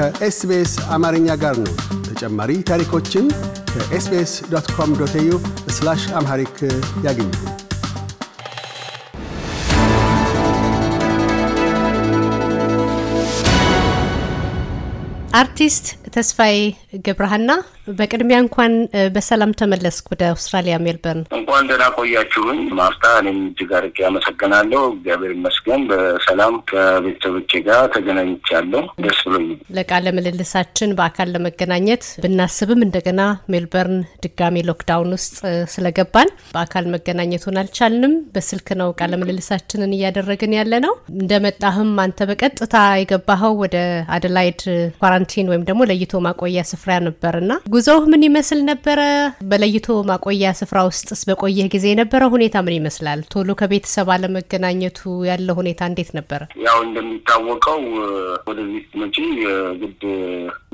ከኤስቢኤስ አማርኛ ጋር ነው። ተጨማሪ ታሪኮችን ከኤስቢኤስ ዶት ኮም ዶት ኤዩ አምሃሪክ ያገኙ። አርቲስት ተስፋዬ ገብረሃና በቅድሚያ እንኳን በሰላም ተመለስክ ወደ አውስትራሊያ ሜልበርን። እንኳን ደህና ቆያችሁኝ ማርታ። እኔም እጅግ አድርጌ አመሰግናለሁ። እግዚአብሔር ይመስገን በሰላም ከቤተሰቦቼ ጋር ተገናኝቻለሁ። ደስ ብሎኝ ለቃለ ምልልሳችን በአካል ለመገናኘት ብናስብም እንደገና ሜልበርን ድጋሜ ሎክዳውን ውስጥ ስለገባን በአካል መገናኘቱን አልቻልንም። በስልክ ነው ቃለ ምልልሳችንን እያደረግን ያለ ነው። እንደመጣህም አንተ በቀጥታ የገባኸው ወደ አደላይድ ኳራንቲን ወይም ደግሞ ለይቶ ማቆያ ስፍራ ነበርና ጉዞው ምን ይመስል ነበረ? በለይቶ ማቆያ ስፍራ ውስጥስ በቆየህ ጊዜ የነበረ ሁኔታ ምን ይመስላል? ቶሎ ከቤተሰብ አለመገናኘቱ ያለ ሁኔታ እንዴት ነበረ? ያው እንደሚታወቀው ወደዚህ መጪ ግድ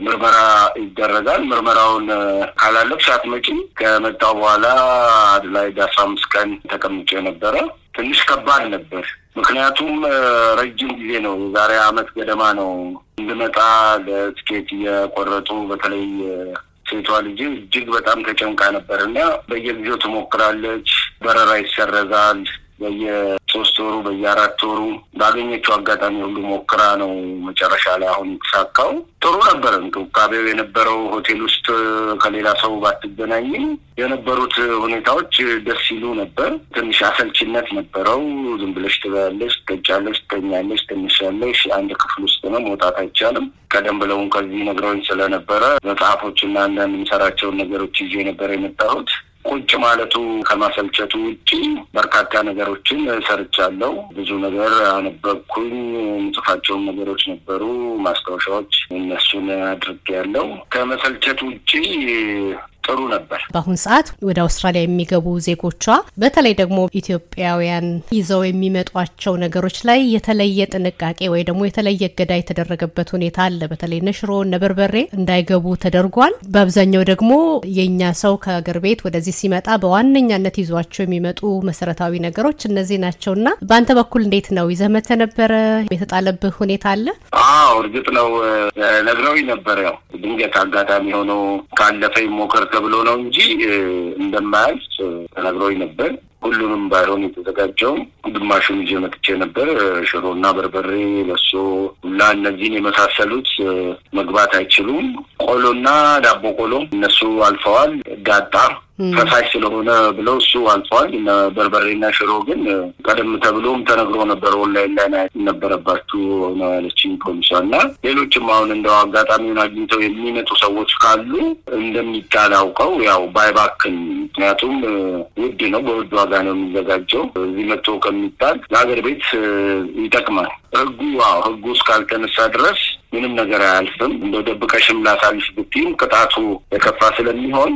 ምርመራ ይደረጋል። ምርመራውን ካላለፍሽ መጪ ከመጣው በኋላ አድላይድ አስራ አምስት ቀን ተቀምጬ ነበረ። ትንሽ ከባድ ነበር። ምክንያቱም ረጅም ጊዜ ነው። የዛሬ አመት ገደማ ነው እንድመጣ ለትኬት እየቆረጡ በተለይ ሴቷ ልጅ እጅግ በጣም ተጨንቃ ነበር እና በየጊዜው ትሞክራለች። በረራ ይሰረዛል በየ ሶስት ወሩ በየአራት ወሩ ባገኘችው አጋጣሚ ሁሉ ሞክራ ነው መጨረሻ ላይ አሁን የተሳካው። ጥሩ ነበር እንክብካቤው የነበረው። ሆቴል ውስጥ ከሌላ ሰው ባትገናኝም የነበሩት ሁኔታዎች ደስ ይሉ ነበር። ትንሽ አሰልችነት ነበረው። ዝም ብለሽ ትበያለሽ፣ ትጠጫለሽ፣ ትተኛለሽ፣ ትንሻለሽ። አንድ ክፍል ውስጥ ነው፣ መውጣት አይቻልም። ቀደም ብለውን ከዚህ ነግረውኝ ስለነበረ መጽሐፎችና አንዳንድ የምሰራቸውን ነገሮች ይዤ ነበር የመጣሁት። ቁጭ ማለቱ ከማሰልቸቱ ውጭ በርካታ ነገሮችን ሰርቻለሁ። ብዙ ነገር አነበብኩኝ። ምጽፋቸውን ነገሮች ነበሩ፣ ማስታወሻዎች፣ እነሱን አድርጌያለሁ። ከመሰልቸት ውጭ ጥሩ ነበር። በአሁን ሰዓት ወደ አውስትራሊያ የሚገቡ ዜጎቿ በተለይ ደግሞ ኢትዮጵያውያን ይዘው የሚመጧቸው ነገሮች ላይ የተለየ ጥንቃቄ ወይ ደግሞ የተለየ እገዳ የተደረገበት ሁኔታ አለ። በተለይ ነሽሮ፣ ነበርበሬ እንዳይገቡ ተደርጓል። በአብዛኛው ደግሞ የእኛ ሰው ከአገር ቤት ወደዚህ ሲመጣ በዋነኛነት ይዟቸው የሚመጡ መሰረታዊ ነገሮች እነዚህ ናቸውና በአንተ በኩል እንዴት ነው? ይዘህ መጥተህ ነበረ? የተጣለብህ ሁኔታ አለ? አዎ እርግጥ ነው ነግረውኝ ነበር። ያው ድንገት አጋጣሚ ሆኖ ካለፈ ሞከር ተብሎ ነው እንጂ እንደማያልፍ ተነግሮኝ ነበር። ሁሉንም ባይሆን የተዘጋጀውም ግማሹን ይዤ መጥቼ ነበር። ሽሮና በርበሬ፣ በሶ እና እነዚህን የመሳሰሉት መግባት አይችሉም። ቆሎና ዳቦ ቆሎ እነሱ አልፈዋል። ዳጣ ፈሳሽ ስለሆነ ብለው እሱ አልፈዋል። በርበሬና ሽሮ ግን ቀደም ተብሎም ተነግሮ ነበር። ኦንላይን ላይ ናያት ነበረባችሁ ነው ያለችኝ ፖሊሷ። እና ሌሎችም አሁን እንደው አጋጣሚውን አግኝተው የሚመጡ ሰዎች ካሉ እንደሚጣል አውቀው ያው ባይባክን፣ ምክንያቱም ውድ ነው፣ በውድ ዋጋ ነው የሚዘጋጀው። እዚህ መጥቶ ከሚጣል ለሀገር ቤት ይጠቅማል። ህጉ ህጉ እስካልተነሳ ድረስ ምንም ነገር አያልፍም። እንደ ደብቀሽም ላሳልፍ ብትይም ቅጣቱ የከፋ ስለሚሆን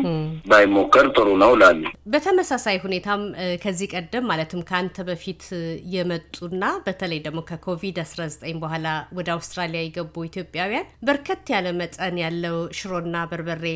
ባይሞከር ጥሩ ነው ላሉ። በተመሳሳይ ሁኔታም ከዚህ ቀደም ማለትም ከአንተ በፊት የመጡና በተለይ ደግሞ ከኮቪድ አስራ ዘጠኝ በኋላ ወደ አውስትራሊያ የገቡ ኢትዮጵያውያን በርከት ያለ መጠን ያለው ሽሮና በርበሬ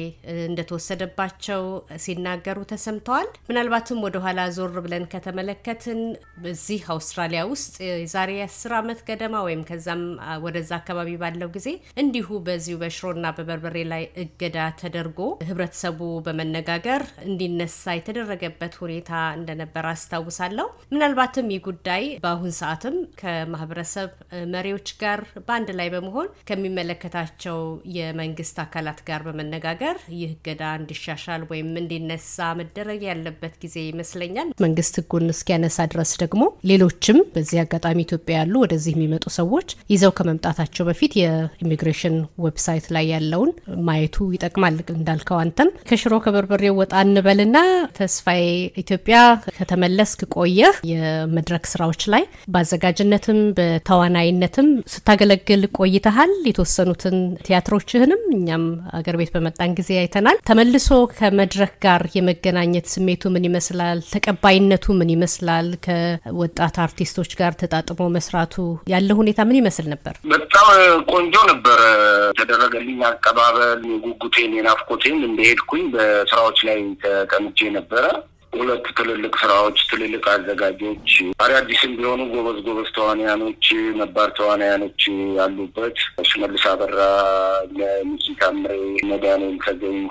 እንደተወሰደባቸው ሲናገሩ ተሰምተዋል። ምናልባትም ወደኋላ ዞር ብለን ከተመለከትን በዚህ አውስትራሊያ ውስጥ የዛሬ አስር አመት ገደማ ወይም ከዛም ወደዛ አካባቢ ባለው ጊዜ እንዲሁ በዚሁ በሽሮና በበርበሬ ላይ እገዳ ተደርጎ ህብረተሰቡ በመነጋገር እንዲነሳ የተደረገበት ሁኔታ እንደነበር አስታውሳለሁ። ምናልባትም ይህ ጉዳይ በአሁን ሰዓትም ከማህበረሰብ መሪዎች ጋር በአንድ ላይ በመሆን ከሚመለከታቸው የመንግስት አካላት ጋር በመነጋገር ይህ እገዳ እንዲሻሻል ወይም እንዲነሳ መደረግ ያለበት ጊዜ ይመስለኛል። መንግስት ህጉን እስኪያነሳ ድረስ ደግሞ ሌሎችም በዚህ አጋጣሚ ኢትዮጵያ ያሉ ወደዚህ የሚመጡ ሰዎች ይዘው ከመምጣታቸው በፊት በኢሚግሬሽን ዌብሳይት ላይ ያለውን ማየቱ ይጠቅማል። እንዳልከው አንተም ከሽሮ ከበርበሬው ወጣ እንበልና ተስፋዬ ኢትዮጵያ ከተመለስክ ቆየህ የመድረክ ስራዎች ላይ በአዘጋጅነትም በተዋናይነትም ስታገለግል ቆይተሃል። የተወሰኑትን ቲያትሮችህንም እኛም አገር ቤት በመጣን ጊዜ አይተናል። ተመልሶ ከመድረክ ጋር የመገናኘት ስሜቱ ምን ይመስላል? ተቀባይነቱ ምን ይመስላል? ከወጣት አርቲስቶች ጋር ተጣጥሞ መስራቱ ያለ ሁኔታ ምን ይመስል ነበር? በጣም ቆንጆ ቆንጆ ነበረ። የተደረገልኝ አቀባበል የጉጉቴን የናፍቆቴን እንደሄድኩኝ በስራዎች ላይ ተቀምጬ ነበረ። ሁለት ትልልቅ ስራዎች፣ ትልልቅ አዘጋጆች፣ አዲስም ቢሆኑ ጎበዝ ጎበዝ ተዋንያኖች፣ ነባር ተዋንያኖች ያሉበት ሽመልስ አበራ፣ ሙዚቃ ምሬ፣ መድኃኔዓለም ተገኝ፣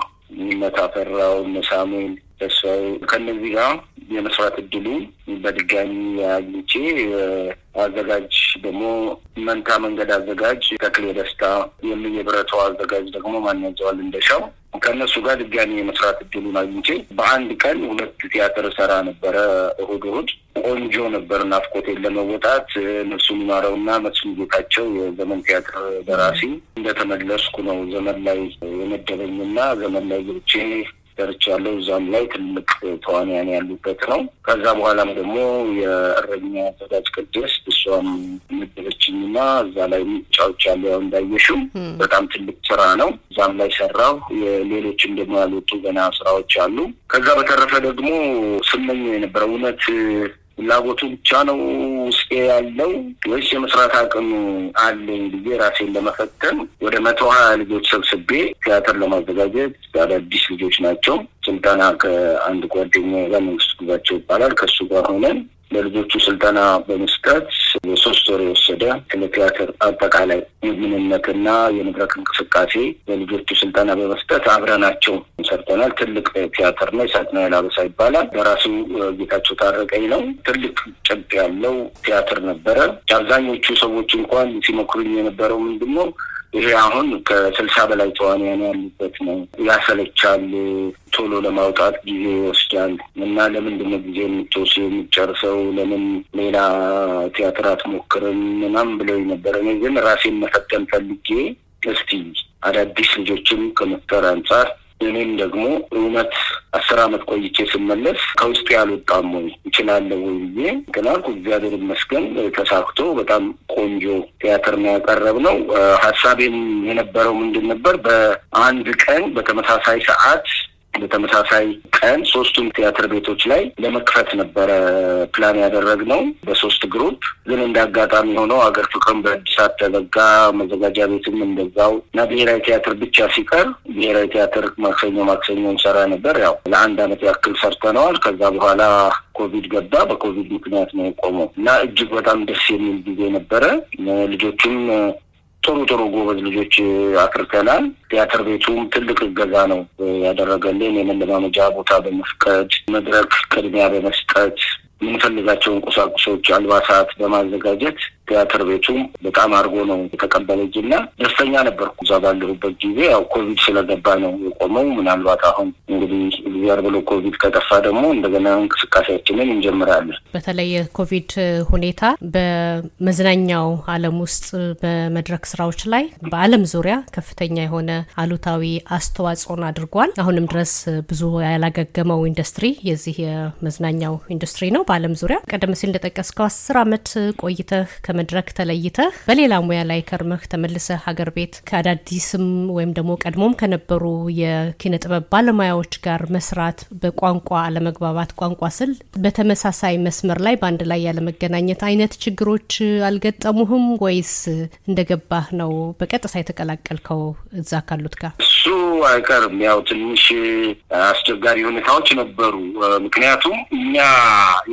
እነ ታፈራው፣ ሳሙኤል ከነዚህ ጋር የመስራት እድሉ በድጋሚ አግኝቼ አዘጋጅ ደግሞ መንታ መንገድ አዘጋጅ ተክሌ ደስታ የሚል የብረቱ አዘጋጅ ደግሞ ማንያዘዋል እንደሻው ከእነሱ ጋር ድጋሚ የመስራት እድሉን አግኝቼ በአንድ ቀን ሁለት ቲያትር ሰራ ነበረ። እሁድ እሁድ ቆንጆ ነበር። ናፍቆቴን ለመወጣት ነፍሱ ይማረውና መስፍን ጌታቸው የዘመን ቲያትር ደራሲ እንደተመለስኩ ነው ዘመን ላይ የመደበኝና ዘመን ላይ ገብቼ ሰርቻለሁ። እዛም ላይ ትልቅ ተዋንያን ያሉበት ነው። ከዛ በኋላም ደግሞ የእረኛ ተጋጅ ቅድስ እሷም ምድበችኝ እና እዛ ላይ ጫዎች ያለ ያው እንዳየሽው በጣም ትልቅ ስራ ነው። እዛም ላይ ሰራው። ሌሎችም ደግሞ ያልወጡ ገና ስራዎች አሉ። ከዛ በተረፈ ደግሞ ስመኝ የነበረ እውነት ፍላጎቱ ብቻ ነው ውስጤ ያለው ወይስ የመስራት አቅም አለኝ ብዬ ራሴን ለመፈተን ወደ መቶ ሀያ ልጆች ሰብስቤ ቲያትር ለማዘጋጀት አዳዲስ ልጆች ናቸው። ስልጠና ከአንድ ጓደኛ ጋር መንግስት ጉባቸው ይባላል ከሱ ጋር ሆነን ለልጆቹ ስልጠና በመስጠት የሶስት ወር የወሰደ ለቲያትር አጠቃላይ የምንነትና የመድረክ እንቅስቃሴ ለልጆቹ ስልጠና በመስጠት አብረናቸው ሰርተናል። ትልቅ ቲያትር ነው። የሳጥናኤል አበሳ ይባላል። በራሱ ጌታቸው ታረቀኝ ነው። ትልቅ ጭብጥ ያለው ቲያትር ነበረ። አብዛኞቹ ሰዎች እንኳን ሲመክሩኝ የነበረው ምንድን ነው ይሄ አሁን ከስልሳ በላይ ተዋንያን ያሉበት ነው። ያሰለቻል፣ ቶሎ ለማውጣት ጊዜ ይወስዳል እና ለምንድን ነው ጊዜ የምትወስ የምትጨርሰው ለምን ሌላ ቲያትር አትሞክርም ምናምን ብለው ነበር። እኔ ግን ራሴን መፈተን ፈልጌ እስቲ አዳዲስ ልጆችም ከመፍጠር አንጻር እኔም ደግሞ እውነት አስር አመት ቆይቼ ስመለስ ከውስጥ ያልወጣም ወይ እችላለሁ ወይ ብዬ ግን እግዚአብሔር ይመስገን ተሳክቶ በጣም ቆንጆ ቲያትር ነው ያቀረብ ነው። ሀሳቤም የነበረው ምንድን ነበር በአንድ ቀን በተመሳሳይ ሰዓት በተመሳሳይ ቀን ሶስቱም ቲያትር ቤቶች ላይ ለመክፈት ነበረ ፕላን ያደረግነው በሶስት ግሩፕ። ግን እንደ አጋጣሚ ሆነው አገር ፍቅርም በእድሳት ተዘጋ፣ መዘጋጃ ቤትም እንደዛው እና ብሔራዊ ቲያትር ብቻ ሲቀር ብሔራዊ ቲያትር ማክሰኞ ማክሰኞ እንሰራ ነበር። ያው ለአንድ አመት ያክል ሰርተነዋል። ከዛ በኋላ ኮቪድ ገባ። በኮቪድ ምክንያት ነው የቆመው እና እጅግ በጣም ደስ የሚል ጊዜ ነበረ። ልጆቹም ጥሩ ጥሩ ጎበዝ ልጆች አፍርተናል። ቲያትር ቤቱም ትልቅ እገዛ ነው ያደረገልን። የመለማመጃ ቦታ በመፍቀድ መድረክ ቅድሚያ በመስጠት የምንፈልጋቸውን ቁሳቁሶች፣ አልባሳት በማዘጋጀት ቲያትር ቤቱም በጣም አድርጎ ነው የተቀበለኝ እና ደስተኛ ነበርኩ። እዛ ባለሁበት ጊዜ ያው ኮቪድ ስለገባ ነው የቆመው። ምናልባት አሁን እንግዲህ እግዚአብሔር ብሎ ኮቪድ ከጠፋ ደግሞ እንደገና እንቅስቃሴያችንን እንጀምራለን። በተለይ የኮቪድ ሁኔታ በመዝናኛው ዓለም ውስጥ በመድረክ ስራዎች ላይ በዓለም ዙሪያ ከፍተኛ የሆነ አሉታዊ አስተዋጽኦን አድርጓል። አሁንም ድረስ ብዙ ያላገገመው ኢንዱስትሪ የዚህ የመዝናኛው ኢንዱስትሪ ነው በዓለም ዙሪያ ቀደም ሲል እንደጠቀስከው አስር አመት ቆይተህ ከመ ከመድረክ ተለይተህ በሌላ ሙያ ላይ ከርመህ ተመልሰህ ሀገር ቤት ከአዳዲስም ወይም ደግሞ ቀድሞም ከነበሩ የኪነ ጥበብ ባለሙያዎች ጋር መስራት በቋንቋ አለመግባባት፣ ቋንቋ ስል በተመሳሳይ መስመር ላይ በአንድ ላይ ያለመገናኘት አይነት ችግሮች አልገጠሙህም ወይስ እንደገባህ ነው በቀጥታ የተቀላቀልከው እዛ ካሉት ጋር? እሱ አይቀርም። ያው ትንሽ አስቸጋሪ ሁኔታዎች ነበሩ። ምክንያቱም እኛ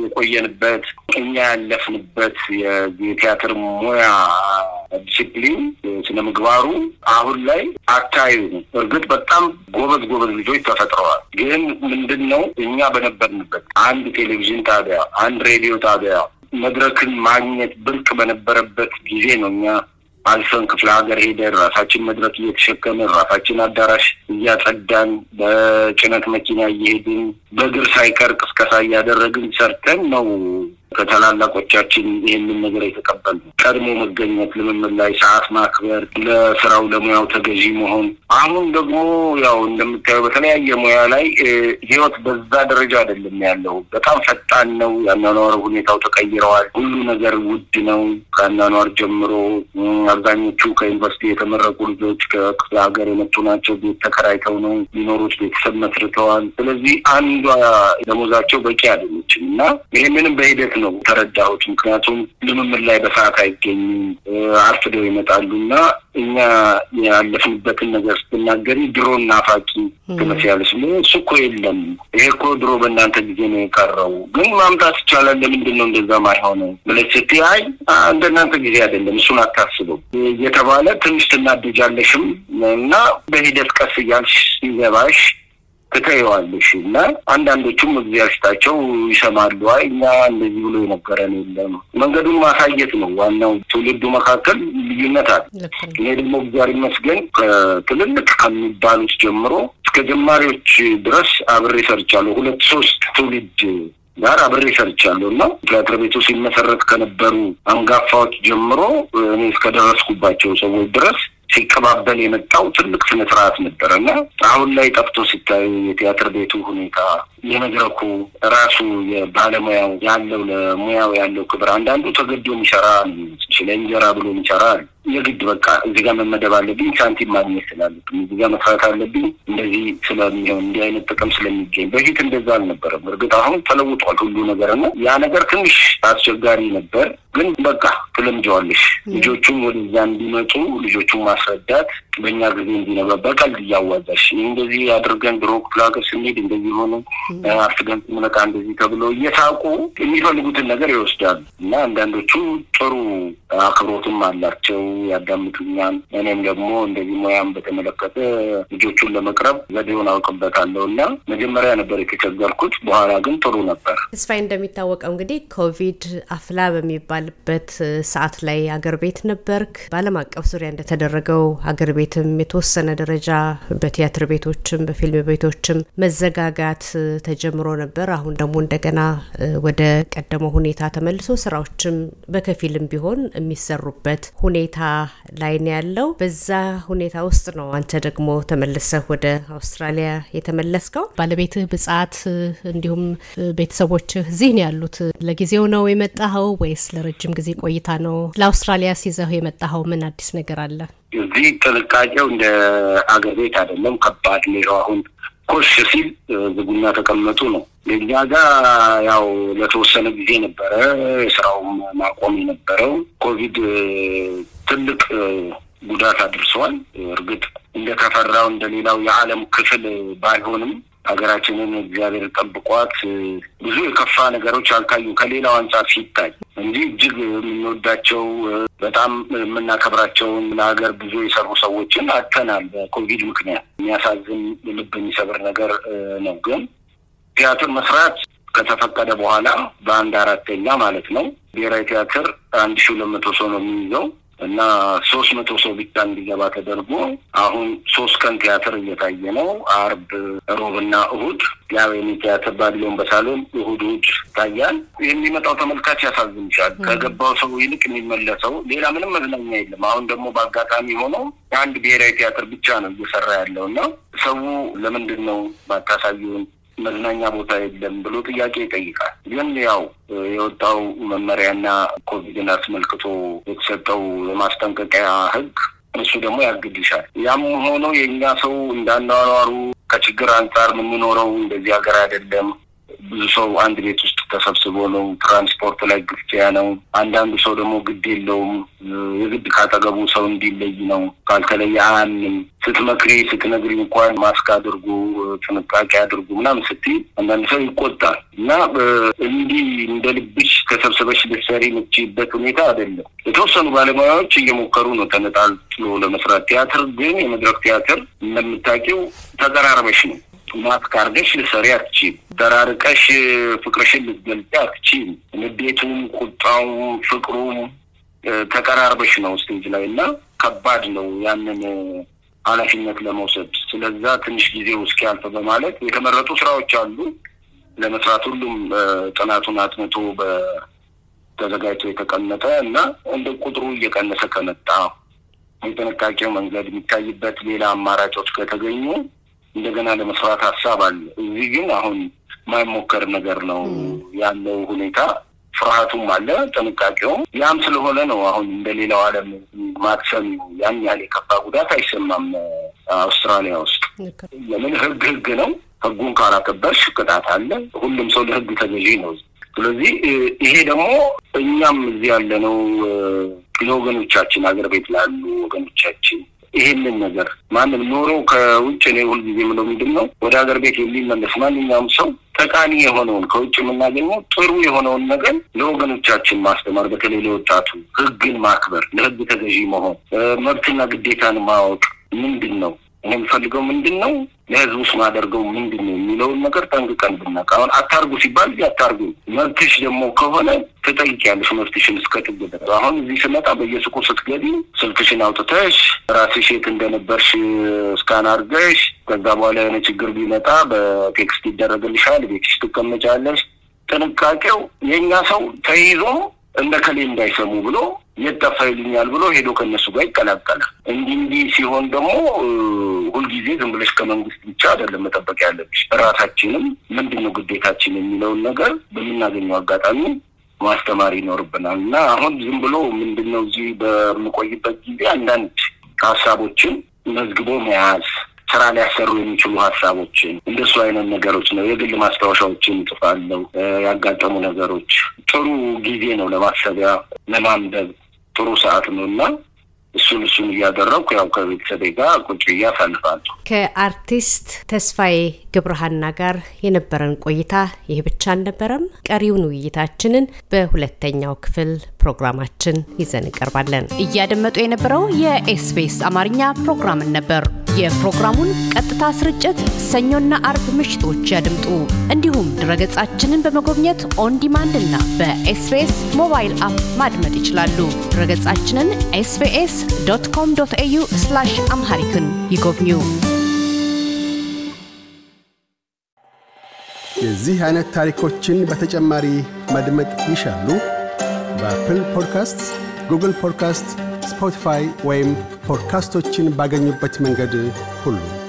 የቆየንበት እኛ ያለፍንበት የጌታ የቲያትር ሙያ ዲሲፕሊን፣ ስነ ምግባሩ አሁን ላይ አካባቢ እርግጥ በጣም ጎበዝ ጎበዝ ልጆች ተፈጥረዋል። ግን ምንድን ነው እኛ በነበርንበት አንድ ቴሌቪዥን ጣቢያ፣ አንድ ሬዲዮ ጣቢያ መድረክን ማግኘት ብርቅ በነበረበት ጊዜ ነው እኛ አልፈን ክፍለ ሀገር ሄደን ራሳችን መድረክ እየተሸከምን ራሳችን አዳራሽ እያጸዳን በጭነት መኪና እየሄድን በእግር ሳይቀር ቅስቀሳ እያደረግን ሰርተን ነው ከታላላቆቻችን ይህንን ነገር የተቀበል ቀድሞ መገኘት፣ ልምምድ ላይ ሰዓት ማክበር፣ ለስራው ለሙያው ተገዢ መሆን። አሁን ደግሞ ያው እንደምታየው በተለያየ ሙያ ላይ ህይወት በዛ ደረጃ አይደለም ያለው። በጣም ፈጣን ነው። የአኗኗር ሁኔታው ተቀይረዋል። ሁሉ ነገር ውድ ነው። ከአኗኗር ጀምሮ አብዛኞቹ ከዩኒቨርሲቲ የተመረቁ ልጆች ከክፍለ ሀገር የመጡ ናቸው። ቤት ተከራይተው ነው የሚኖሩት። ቤተሰብ መስርተዋል። ስለዚህ አንዷ ደሞዛቸው በቂ አይደለችም እና ይህንንም በሂደት ነው ተረዳሁት። ምክንያቱም ልምምድ ላይ በሰዓት አይገኙም፣ አርፍደው ይመጣሉ እና እኛ ያለፍንበትን ነገር ስትናገሪ ድሮ እናፋቂ ትመስያለሽ። እሱ እኮ የለም፣ ይሄ እኮ ድሮ በእናንተ ጊዜ ነው የቀረው፣ ግን ማምጣት ይቻላል። ለምንድን ነው እንደዛ ማይሆነ ብለሽ ስትይ አይ እንደ እናንተ ጊዜ አይደለም፣ እሱን አታስበው እየተባለ ትንሽ ትናደጃለሽም እና በሂደት ቀስ እያልሽ ሲገባሽ ትተይዋለሽ እና አንዳንዶቹም እግዚያሽታቸው ይሰማሉ። አይ እኛ እንደዚህ ብሎ የነገረን የለም። መንገዱን ማሳየት ነው ዋናው። ትውልዱ መካከል ልዩነት አለ። እኔ ደግሞ እግዚአብሔር ይመስገን ከትልልቅ ከሚባሉት ጀምሮ እስከ ጀማሪዎች ድረስ አብሬ ሰርቻለሁ። ሁለት ሶስት ትውልድ ጋር አብሬ ሰርቻለሁ እና ቲያትር ቤቱ ሲመሰረት ከነበሩ አንጋፋዎች ጀምሮ እኔ እስከደረስኩባቸው ሰዎች ድረስ ሲቀባበል የመጣው ትልቅ ስነ ስርዓት ነበረ እና አሁን ላይ ጠፍቶ ሲታዩ የቲያትር ቤቱ ሁኔታ የመድረኩ ራሱ ባለሙያው ያለው ለሙያው ያለው ክብር። አንዳንዱ ተገዶ የሚሰራ ለእንጀራ ብሎ የሚሰራ የግድ በቃ እዚህ ጋር መመደብ አለብኝ፣ ሳንቲም ማግኘት ስላለብኝ፣ እዚህ ጋር መስራት አለብኝ፣ እንደዚህ ስለሚሆን እንዲህ አይነት ጥቅም ስለሚገኝ። በፊት እንደዛ አልነበረም። እርግጥ አሁን ተለውጧል ሁሉ ነገር እና ያ ነገር ትንሽ አስቸጋሪ ነበር፣ ግን በቃ ትለምጀዋለሽ። ልጆቹም ወደዛ እንዲመጡ ልጆቹም ማስረዳት በእኛ ጊዜ እንዲነበር በቀልድ እያዋዛሽ እንደዚህ አድርገን ድሮ ክፍለ ሀገር ስንሄድ እንደዚህ ሆነን አርፍደን ስንመጣ እንደዚህ ተብሎ እየሳቁ የሚፈልጉትን ነገር ይወስዳሉ እና አንዳንዶቹ ጥሩ አክብሮትም አላቸው፣ ያዳምጡኛል። እኔም ደግሞ እንደዚህ ሙያም በተመለከተ ልጆቹን ለመቅረብ ዘዴውን አውቅበታለሁ እና መጀመሪያ ነበር የተቸገርኩት፣ በኋላ ግን ጥሩ ነበር። ተስፋዬ እንደሚታወቀው እንግዲህ ኮቪድ አፍላ በሚባልበት ሰዓት ላይ አገር ቤት ነበርክ። በዓለም አቀፍ ዙሪያ እንደተደረገው አገር ቤት ቤትም የተወሰነ ደረጃ በቲያትር ቤቶችም በፊልም ቤቶችም መዘጋጋት ተጀምሮ ነበር። አሁን ደግሞ እንደገና ወደ ቀደመው ሁኔታ ተመልሶ ስራዎችም በከፊልም ቢሆን የሚሰሩበት ሁኔታ ላይ ነው ያለው። በዛ ሁኔታ ውስጥ ነው አንተ ደግሞ ተመልሰህ ወደ አውስትራሊያ የተመለስከው። ባለቤትህ ብጻት፣ እንዲሁም ቤተሰቦችህ እዚህ ነው ያሉት። ለጊዜው ነው የመጣኸው ወይስ ለረጅም ጊዜ ቆይታ ነው? ለአውስትራሊያ ሲዘው የመጣኸው ምን አዲስ ነገር አለ? እዚህ ጥንቃቄው እንደ አገር ቤት አይደለም፣ ከባድ ነው። አሁን ኮሽ ሲል ዝጉና ተቀመጡ ነው። ለእኛ ጋር ያው ለተወሰነ ጊዜ ነበረ የስራውም ማቆም የነበረው። ኮቪድ ትልቅ ጉዳት አድርሰዋል። እርግጥ እንደተፈራው እንደሌላው የዓለም ክፍል ባይሆንም ሀገራችንን እግዚአብሔር ጠብቋት ብዙ የከፋ ነገሮች አልታዩም ከሌላው አንጻር ሲታይ እንጂ እጅግ የምንወዳቸው በጣም የምናከብራቸውን ለሀገር ብዙ የሰሩ ሰዎችን አተናል በኮቪድ ምክንያት የሚያሳዝን ልብ የሚሰብር ነገር ነው። ግን ቲያትር መስራት ከተፈቀደ በኋላ በአንድ አራተኛ ማለት ነው ብሔራዊ ቲያትር አንድ ሺ ሁለት መቶ ሰው ነው የሚይዘው እና ሶስት መቶ ሰው ብቻ እንዲገባ ተደርጎ አሁን ሶስት ቀን ቲያትር እየታየ ነው። አርብ፣ ሮብና እሁድ ያው የኔ ቲያትር ባቢሎን በሳሎን እሁድ እሁድ ይታያል። የሚመጣው ተመልካች ያሳዝንሻል። ከገባው ሰው ይልቅ የሚመለሰው ሌላ ምንም መዝናኛ የለም። አሁን ደግሞ በአጋጣሚ ሆነው አንድ ብሔራዊ ቲያትር ብቻ ነው እየሰራ ያለው እና ሰው ለምንድን ነው ባታሳዩን መዝናኛ ቦታ የለም ብሎ ጥያቄ ይጠይቃል። ግን ያው የወጣው መመሪያና ኮቪድን አስመልክቶ የተሰጠው የማስጠንቀቂያ ህግ እሱ ደግሞ ያግድሻል። ያም ሆኖ የእኛ ሰው እንዳኗኗሩ ከችግር አንጻር የምንኖረው እንደዚህ ሀገር አይደለም ብዙ ሰው አንድ ቤት ውስጥ ተሰብስቦ ነው። ትራንስፖርት ላይ ግፊያ ነው። አንዳንዱ ሰው ደግሞ ግድ የለውም የግድ ካጠገቡ ሰው እንዲለይ ነው። ካልተለየ አያምንም። ስትመክሪ ስትነግሪ እንኳን ማስክ አድርጉ፣ ጥንቃቄ አድርጉ ምናምን ስትይ አንዳንድ ሰው ይቆጣል እና እንዲህ እንደ ልብሽ ተሰብስበሽ ልትሰሪ የምትችይበት ሁኔታ አይደለም። የተወሰኑ ባለሙያዎች እየሞከሩ ነው ተነጣጥሎ ለመስራት። ቲያትር ግን የመድረክ ቲያትር እንደምታውቂው ተቀራርበሽ ነው ማስክ አድርገሽ ልሰሪ አትችም። ተራርቀሽ ፍቅርሽን ልትገልጽ አትችም። ንዴቱም፣ ቁጣው፣ ፍቅሩም ተቀራርበሽ ነው ስቴጅ ላይ እና ከባድ ነው ያንን ኃላፊነት ለመውሰድ ስለዛ ትንሽ ጊዜ እስኪያልፍ በማለት የተመረጡ ስራዎች አሉ ለመስራት ሁሉም ጥናቱን አጥንቶ ተዘጋጅቶ የተቀመጠ እና እንደ ቁጥሩ እየቀነሰ ከመጣ የጥንቃቄው መንገድ የሚታይበት ሌላ አማራጮች ከተገኙ እንደገና ለመስራት ሀሳብ አለ። እዚህ ግን አሁን ማይሞከር ነገር ነው ያለው ሁኔታ። ፍርሃቱም አለ፣ ጥንቃቄውም ያም ስለሆነ ነው። አሁን እንደሌላው ዓለም ማክሰም ያን ያህል የከፋ ጉዳት አይሰማም አውስትራሊያ ውስጥ። ለምን ህግ ህግ ነው። ህጉን ካላከበርሽ ቅጣት አለ። ሁሉም ሰው ለህግ ተገዢ ነው። ስለዚህ ይሄ ደግሞ እኛም እዚህ ያለነው ለወገኖቻችን አገር ቤት ላሉ ወገኖቻችን ይሄንን ነገር ማንም ኖሮ ከውጭ ሁል ጊዜ ምለው ምንድን ነው ወደ ሀገር ቤት የሚመለስ ማንኛውም ሰው ጠቃሚ የሆነውን ከውጭ የምናገኘው ጥሩ የሆነውን ነገር ለወገኖቻችን ማስተማር፣ በተለይ ለወጣቱ ህግን ማክበር፣ ለህግ ተገዢ መሆን፣ መብትና ግዴታን ማወቅ ምንድን ነው እኔ የምፈልገው ምንድን ነው ለህዝቡስ ማደርገው ምንድን ነው የሚለውን ነገር ጠንቅቀን ብናውቅ። አሁን አታርጉ ሲባል አታርጉ፣ መብትሽ ደግሞ ከሆነ ትጠይቂያለሽ መብትሽን እስከ ጥግ ድረስ። አሁን እዚህ ስመጣ በየሱቁ ስትገቢ ስልክሽን አውጥተሽ ራስሽ የት እንደነበርሽ እስካን አርገሽ ከዛ በኋላ የሆነ ችግር ቢመጣ በቴክስት ይደረግልሻል፣ ቤትሽ ትቀመጫለሽ። ጥንቃቄው የእኛ ሰው ተይዞ እንደ ከሌ እንዳይሰሙ ብሎ የጠፋ ይልኛል ብሎ ሄዶ ከነሱ ጋር ይቀላቀላል። እንዲህ እንዲህ ሲሆን ደግሞ ሁልጊዜ ዝም ብለሽ ከመንግስት ብቻ አይደለም መጠበቅ ያለብሽ፣ እራሳችንም ምንድን ነው ግዴታችን የሚለውን ነገር በምናገኘው አጋጣሚ ማስተማር ይኖርብናል እና አሁን ዝም ብሎ ምንድን ነው እዚህ በምቆይበት ጊዜ አንዳንድ ሀሳቦችን መዝግቦ መያዝ ስራ ሊያሰሩ የሚችሉ ሀሳቦችን እንደሱ አይነት ነገሮች ነው። የግል ማስታወሻዎችን እጽፋለሁ። ያጋጠሙ ነገሮች ጥሩ ጊዜ ነው ለማሰቢያ ለማንበብ ጥሩ ሰዓት ነው እና እሱን እሱን እያደረኩ ያው ከቤተሰቤ ጋር ቁጭ ብዬ ከአርቲስት ተስፋዬ ግብረሃና ጋር የነበረን ቆይታ ይህ ብቻ አልነበረም። ቀሪውን ውይይታችንን በሁለተኛው ክፍል ፕሮግራማችን ይዘን እንቀርባለን። እያደመጡ የነበረው የኤስቢኤስ አማርኛ ፕሮግራምን ነበር። የፕሮግራሙን ቀጥታ ስርጭት ሰኞና አርብ ምሽቶች ያድምጡ። እንዲሁም ድረገጻችንን በመጎብኘት ኦን ዲማንድ እና በኤስቢኤስ ሞባይል አፕ ማድመጥ ይችላሉ። ድረገጻችንን ኤስቢኤስ ዶት ኮም ዶት ኤዩ አምሃሪክን ይጎብኙ። የዚህ አይነት ታሪኮችን በተጨማሪ ማድመጥ ይሻሉ? በአፕል ፖድካስት፣ ጉግል ፖድካስት፣ ስፖቲፋይ ወይም ፖድካስቶችን ባገኙበት መንገድ ሁሉ